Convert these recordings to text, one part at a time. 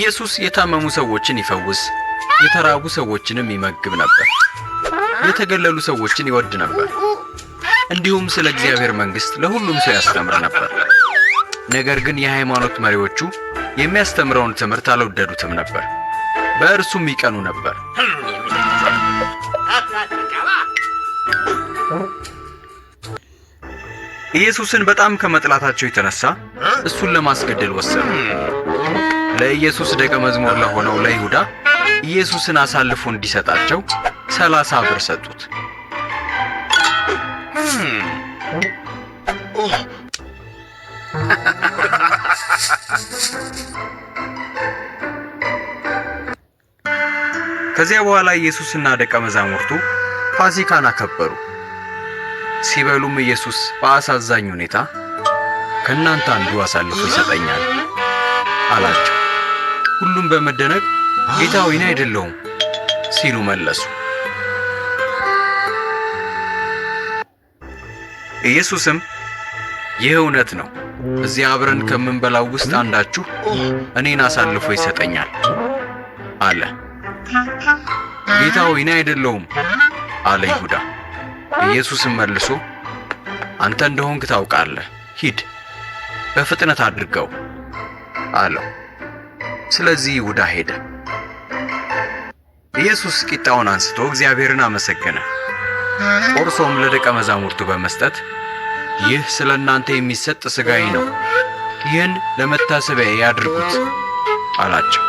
ኢየሱስ የታመሙ ሰዎችን ይፈውስ፣ የተራቡ ሰዎችንም ይመግብ ነበር። የተገለሉ ሰዎችን ይወድ ነበር። እንዲሁም ስለ እግዚአብሔር መንግሥት ለሁሉም ሰው ያስተምር ነበር። ነገር ግን የሃይማኖት መሪዎቹ የሚያስተምረውን ትምህርት አልወደዱትም ነበር፣ በእርሱም ይቀኑ ነበር። ኢየሱስን በጣም ከመጥላታቸው የተነሳ እሱን ለማስገደል ወሰኑ። ለኢየሱስ ደቀ መዝሙር ለሆነው ለይሁዳ ኢየሱስን አሳልፎ እንዲሰጣቸው ሰላሳ ብር ሰጡት። ከዚያ በኋላ ኢየሱስና ደቀ መዛሙርቱ ፋሲካን አከበሩ። ሲበሉም ኢየሱስ በአሳዛኝ ሁኔታ ከእናንተ አንዱ አሳልፎ ይሰጠኛል አላቸው። ሁሉም በመደነቅ ጌታዊ እኔ አይደለውም ሲሉ መለሱ። ኢየሱስም ይህ እውነት ነው፣ እዚህ አብረን ከምንበላው ውስጥ አንዳችሁ እኔን አሳልፎ ይሰጠኛል አለ። ጌታዊ እኔ አይደለውም አለ ይሁዳ። ኢየሱስም መልሶ አንተ እንደሆንክ ታውቃለህ፣ ሂድ በፍጥነት አድርገው አለው። ስለዚህ ይሁዳ ሄደ። ኢየሱስ ቂጣውን አንስቶ እግዚአብሔርን አመሰገነ። ቆርሶም ለደቀ መዛሙርቱ በመስጠት ይህ ስለ እናንተ የሚሰጥ ሥጋዬ ነው፣ ይህን ለመታሰቢያ ያድርጉት አላቸው።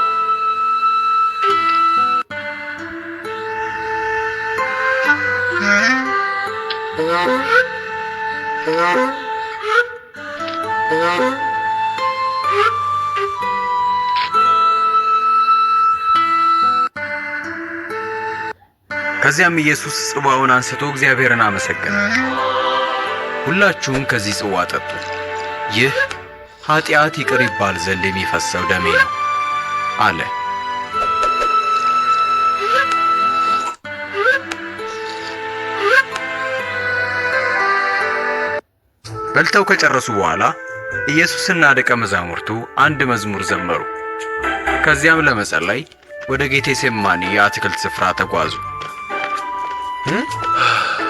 ከዚያም ኢየሱስ ጽዋውን አንስቶ እግዚአብሔርን አመሰገነ። ሁላችሁም ከዚህ ጽዋ ጠጡ፣ ይህ ኃጢአት ይቅር ይባል ዘንድ የሚፈሰው ደሜ ነው አለ። በልተው ከጨረሱ በኋላ ኢየሱስና ደቀ መዛሙርቱ አንድ መዝሙር ዘመሩ። ከዚያም ለመጸለይ ወደ ጌቴሴማኒ የአትክልት ስፍራ ተጓዙ። 嗯。